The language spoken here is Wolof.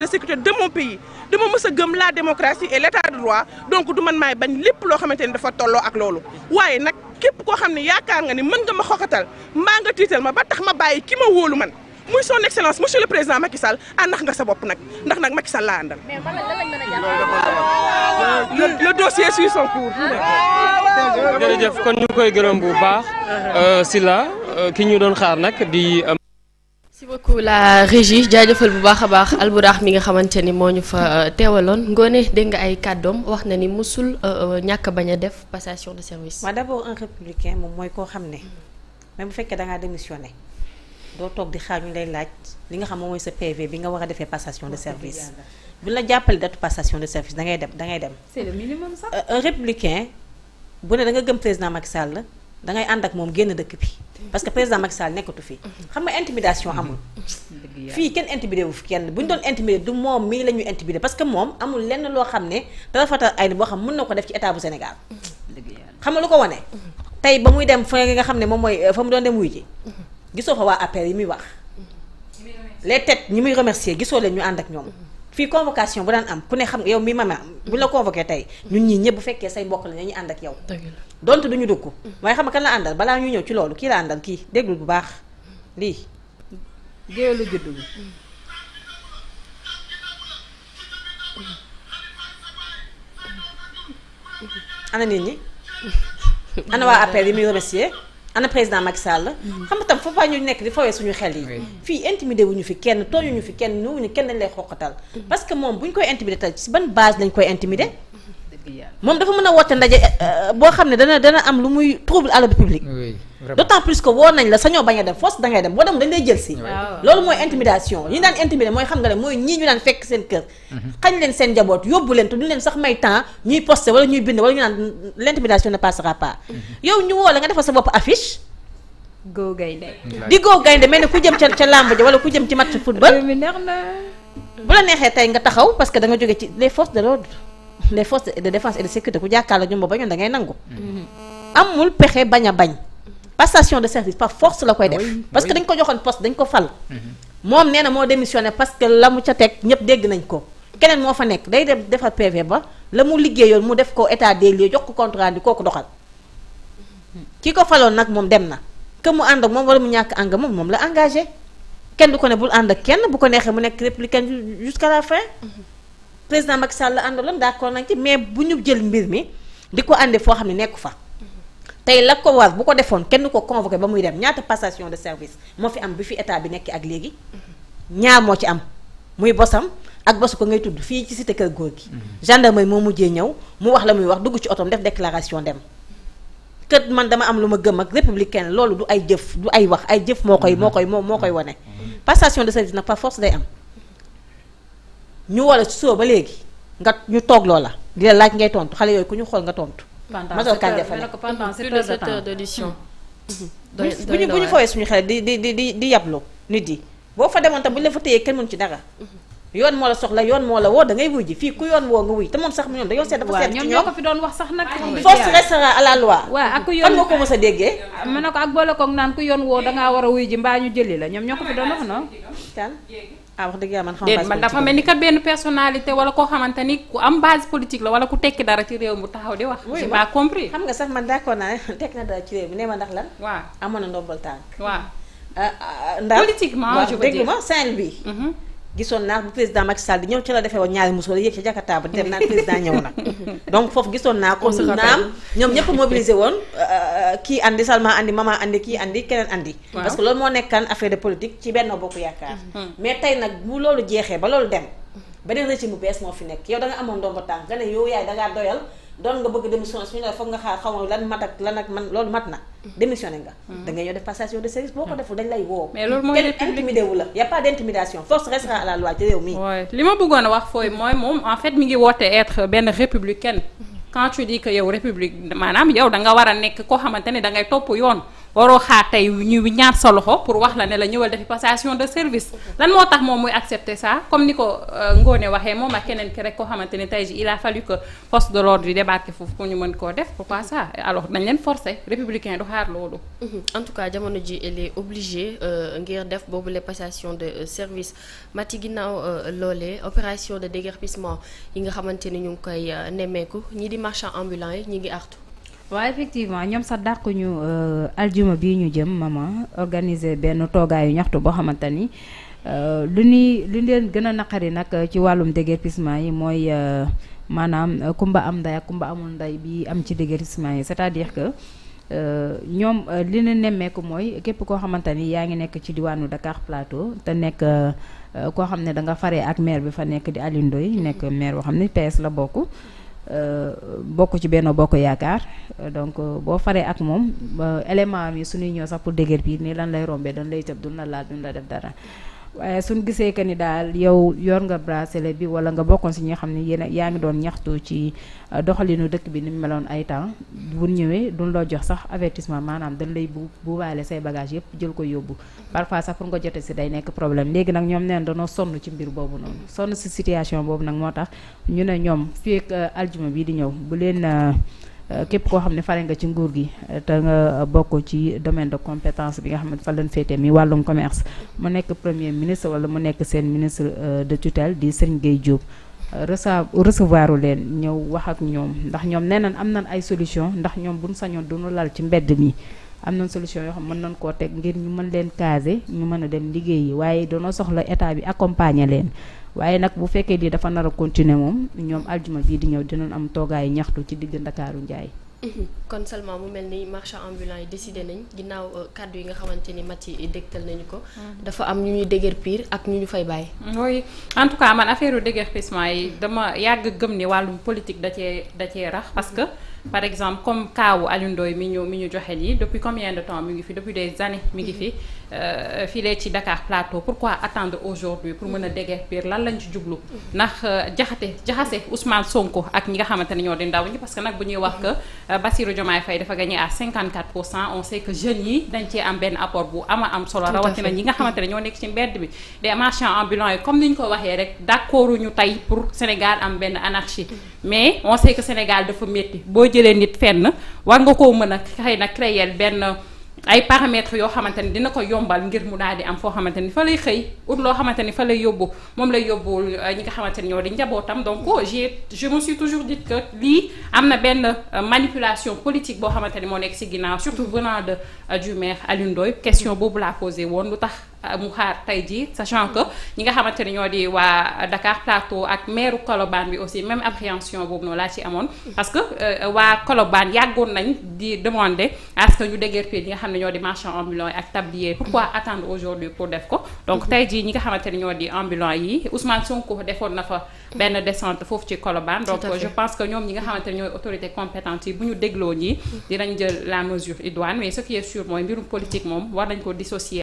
de sécurité de mon pays dama mës gëm la démocratie et l'état de droit donc du man maay bañ lépp loo xamante ni dafa tolloo ak loolu waaye nag képp koo xam ne yaakaar nga ni mën nga ma xoxatal mbaa nga tiital ma ba tax ma bàyyi ki ma wóolu man muy son excellence monsieur le président Macky Sall ah ndax nga sa bopp nag ndax nag Macky Sall laa àndal. mais man lan le dossier suit son cours. jërëjëf kon ñu koy gërëm bu baax. Euh, Sylla euh, ki ñu doon xaar nag di. Euh, beaucoup la régie jaajëfal bu baax a baax alburax mi nga xamante ni moo ñu fa euh, teewaloon ngoone dégg nga ay kàddoom wax na ni musul euh, euh, ñàkk bañ a def passation de service. waaw d'abord un républicain moom mooy koo xam ne même bu fekkee da ngaa démissionné doo toog di xaar ñu lay laaj li nga xam moom mooy sa PV bi nga war a defee passation de service. bu la jàppale date passation de service da ngay dem da ngay dem. c'est le minimum sax. un républicain bu ne danga nga gëm président Macky Sall da ngay ànd ak moom génn dëkk bi. parce que président Macky Sall nekkatu fi. xam nga intimidation amul. fii kenn intimidé wu fi kenn bu ñu doon intimidé du moom mii la ñuy intimidé parce que moom amul lenn loo xam ne rafetal ay boo xam mun na ko def ci état bu Sénégal. xam nga lu ko wane. tey ba muy dem fa nga xam ne moom mooy fa mu doon dem wuy ji. gisoo fa waa APR yi muy wax. les têtes ñi muy remercier gisoo leen ñu ànd ak ñoom. fii convocation bu daan am ku ne xam nga yow mi mama bu la convoqué tey ñun ñii ñëpp bu fekkee say bokk la ñu ànd ak yow dont duñu dugg waaye xam nga kan la àndal balaa ñu ñëw ci loolu kii la àndal kii déglul bu baax lii géwélu juddu nit ñi ana waa appel yi muy remercier ana président Macky Sall la xam nga tam fa ñu nekk di fawee suñu xel yi fii intimidé ñu fi kenn tooñuñu fi kenn ñuwuñu kenn dañ lay xoqatal parce que moom bu ñu koy intimidé tal ci ban base lañ koy intimidé moom dafa mën a woote ndaje euh, boo xam ne dana dana am lu muy trouble à l'ordre public d'autant plus que woo nañ la sañoo bañ a dem force dangay dem boo dem dañ lay jël si ah loolu mooy intimidation ñu daan intimider mooy xam nga ne mooy ñii ñu daan fekk seen kër mhm. xañ leen seen njaboot yóbbu leen te duñ leen sax may temps ñuy poster wala ñuy bind wala ñu naan l'intimidation ne passera pas mhm. yow ñu woo la nga defal sa bopp affiche go gaynde di go mel ne ku jëm ca ca làmb ja wala ku jëm ci match ba bu la neexee tey nga taxaw parce que da nga jóge ci les forces de l'ordre les forces de défense et ku jàkkaarloo ñoom ba bañoon da ngay nangu mhm. amul pexe bañ a bañ passation de service par force la koy def parce que dañ ko joxoon poste dañ ko fal mhm. moom nee na moo démissionné parce que la mu ca teg ñëpp dégg nañ ko keneen moo fa nekk day dem defar PV ba la mu liggéeyoon mu def ko état des lieux jox ko contrat di kooku doxal ki ko faloon nag moom dem na que mu ànd ak moom wala mu ñàkk ànd moom moom la engagé kenn du ko ne bul ànd ak kenn bu ko neexee mu nekk républicain jusqu'à la fin mhm. président Macky Sall la àndaloon d'accord nañ ci mais bu ñu jël mbir mi di ko àndee foo xam ne nekku fa tey la ko war bu ko defoon kenn ko convoqué ba muy dem ñaata passation de service moo fi am bi fi état bi nekk ak léegi ñaar moo ci am muy bosam ak bosu ko ngay tudd fii ci cité kër góor gi mhm. gendarmerie moo mujjee ñëw mu wax la muy wax dugg ci otom def déclaration dem kër man dama am lu ma gëm ak républicain loolu du ay jëf du ay wax ay jëf moo koy moo koy moo moo koy wane mhm. passation de service nag par force day am ñu war a soo ba léegi nga ñu toog loola di la laaj ngay tontu xale yooyu ku ñu xool nga tontu major Kandja fa nekk pendant sept heures d'audition bu ñu bu ñu fooyee suñu xel di di di yablu nit yi boo fa demoon tam bu ñu la fa téyee kenn mënu ci dara mhm. yoon moo la soxla yoon moo la woo da ngay wuy ji fii ku yoon woo nga wuy te moom sax ñoom dañoo seet dafa seet ci ñoom ñoo ko fi doon wax sax nag force restera à la ak ku yoon nga ko mës a déggee ah, ma ne ko ak boole koog naan ku yoon woo dangaa war a wuy ji mbaa ñu jëli la ñoom ñoo ko fi doon wax noonu ah wax dëgg dafa mel ni kat benn personnalité wala koo xamante ni ku am base politique la wala ku tekki dara ci réew mu taxaw di wax. oui pas compris xam nga sax man d'accord tekki na dara ci réew mi nee ma ndax lan. waaw amoon na ndombal tànk. waaw. Ah, ah, ndax dégg ma saint bi. gisoon naa bu président Macky Sall di ñëw ci la defee woon ñaari muso yéeg ci Jakarta ba dem naan président ñëw na donc foofu gisoon naa ko naam ñoom ñëpp mobilisé woon euh, kii andi Salma andi maman andi kii andi keneen andi parce que loolu moo nekkaan affaire de politique ci benn Bokk Yaakaar mm-hmm. mais tey nag bu loolu jeexee ba loolu dem beneen régime bu bees moo fi nekk yow da amoon ndombo tànk nga ne yow yaay dangaa doyal doon nga bëgg démission suñu la foog nga xaar xaw ma lan mat ak lan ak man loolu mat na mm-hmm. démissionné nga mm-hmm. da ngay ñëw def passation de service boo ko mm-hmm. deful dañ lay woo kenn intimidé wu la y a pas d'intimidation force restera à la loi ci réew mi li ma bëggoon a wax fooy moom en fait mi ngi woote être benn républicaine quand tu yow république maanaam yow da nga war a nekk koo xamante ne da ngay topp yoon waroo xaar tey ñu ñaar sa loxo pour wax la ne la ñëwal defi passation de service lan moo tax moom muy accepter ça comme ni ko euh, ngoone waxee moom ak keneen ki rek koo xamante ne tey ji il a fallu que force de l'ordre yi débarqué foofu pour ñu mën koo def pourquoi ça alors dañ leen forcer républicain du xaar loolu en tout cas jamono ji elle est obligée euh, ngir def boobu les passation de euh, service Mati ginnaaw loolee opération de déguerpissement yi nga xamante ni ñu ngi koy nemmeeku ñi di marchand ambulant yi ñi ngi artu waa effectivement ñoom sax dàqu ñu euh, aljuma bii ñu jëm mama organiser benn toogaayu ñaxtu boo xamante ni euh, lu ñuy lu leen gën a naqari nag euh, ci wàllum déguerpissement yi mooy maanaam kumba am nday ak kumba amul nday bi am ci déguerpissement yi c'est-à-dire que ñoom li ñu nemmeeku mooy képp koo xamante ni yaa ngi nekk ci diwaanu Dakar Plateau te nekk koo xam ne da nga faree ak maire bi fa nekk di Alioune Ndoye nekk maire boo xam ne PS la bokk Euh, bokk ci benn bokk yaakaar euh, donc euh, boo faree ak moom élément am yi suñuy ñëw sax pour dëgër bii nii lan lay rombee dañ lay tëb dun la laal dun la def dara waaye suñ gisee que ni daal yow yor nga bracelet bi wala nga bokkoon si ñi nga xam ne yéen yaa ngi doon ñaxtu ci euh, doxalinu dëkk bi ni mu meloon ay temps bu ñëwee duñ loo jox sax avertissement maanaam dañ lay bu buubaale say bagage yëpp jël ko yóbbu parfois sax pour nga jote si day nekk problème léegi nag ñoom neen danoo sonn ci mbir boobu noonu sonn si situation boobu nag moo tax ñu ne ñoom fii ak euh, aljuma bi di ñëw bu leen euh, Euh, képp koo xam ne fare nga ci nguur gi euh, te nga euh, bokk ci domaine de compétence bi nga xam ne fa leen féete mi wàllum commerce mu nekk premier ministre wala mu nekk seen ministre de tutelle di Serigne Gueye Diop recevoir leen ñëw wax ak ñoom ndax ñoom nee nañ am nañ ay solution ndax ñoom buñ sañoon duñu lal ci mbedd mi am na solution yoo xam mën nañ koo teg ngir ñu mën leen caser ñu mën a dem liggéey yi waaye danoo soxla état bi accompagner leen waaye nag bu fekkee lii dafa nara a continuer moom ñoom aljuma bii di ñëw dinañ am toogaayu ñaxtu ci digg Ndakaaru Njaay mhm. kon seulement mu mel ni marchand ambulant yi décidé nañ ginnaaw euh, kàddu yi nga xamante ni mat yi dégtal nañu ko. Mhm. dafa am ñu ñuy dégër piir ak ñu ñu fay bàyyi. oui en tout cas man affaire u yi dama yàgg gëm ni wàllum politique da cee da cee rax parce que. Mhm. par exemple comme kaawu Alioune Ndoye mi ñu mi ñu joxe lii depuis combien de temps mi ngi fi depuis des années mi ngi fi mm-hmm. euh, fii ci Dakar Plateau pourquoi attendre aujourd'hui pour mën a déguerpir lan lañ ci jublu mm-hmm. ndax euh, jaxase Ousmane Sonko ak ñi nga xamante ne ñoo di ndaw ñi parce que nag bu ñuy wax que mm-hmm. euh, Bassirou Diomaye Faye dafa gagné à 54 pour cent on que jeunes yi dañ cee am benn apport bu ama am solo rawatina ñi nga xamante ne ñoo nekk ci mbedd bi des marchands ambulants yi comme ni ñu ko waxee rek d'accorduñu tey pour Sénégal am benn anarchie mais on sait que Sénégal dafa boo jëlee nit fenn war nga koo mën a xëy na créer benn ay paramètres yoo xamante ni dina ko yombal ngir mu daal di am foo xamante ni fa lay xëy ut loo xamante ni fa lay yóbbu moom lay yóbbu euh, ñi nga xamante ni ñoo di njabootam donc oh, j'ai je me toujours dit que lii am na benn euh, manipulation politique boo xamante ni moo nekk si ginnaaw surtout venant de euh, du maire Alioune question boobu laa posé woon lu tax mu xaar tey jii sachant que ñi nga xamante ni ñoo di waa Dakar Plateau ak maire Colobane bi aussi même appréhension boobu noonu laa amoon parce que waa Colobane yàggoon nañ ne ñoo di marchand ambulant ak tablier pourquoi mm-hmm. attendre aujourd'hui pour def ko donc mm-hmm. tey jii ñi nga xamante ne ñoo di ambulant yi Ousmane Sonko defoon na fa benn mm-hmm. descente foofu ci Colobane donc je pense que ñoom ñi nga xamante ne ñooy autorité compétente yi bu ñu dégloo ñi dinañ jël la mesure idoine mais ce qui est sûr mooy mbirum politique moom war nañ ko dissocier